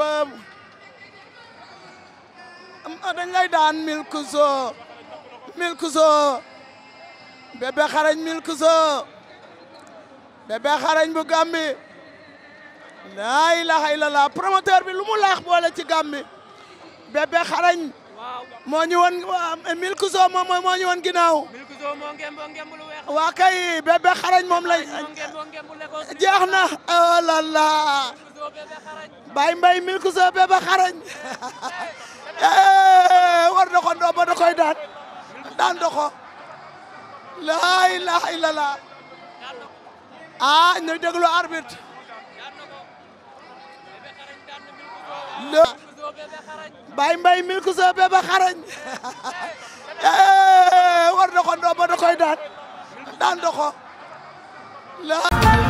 ba lay daan milku soo milku soo bébé xarañ milku soo bébé xarañ bu gambi laa ilaha illallah promoteur bi lu mu laax boole ci gambi bébé xarañ moo ñu woon milku soo moom moo ñu woon ginnaaw waa kay bébé xarañ moom lay jeex na oh la la Baye Mbaye milku soo bébé xarañ eh, war na ko ndomba da koy daan daan na ko laa ilaha illallah ah ñu déglu arbitre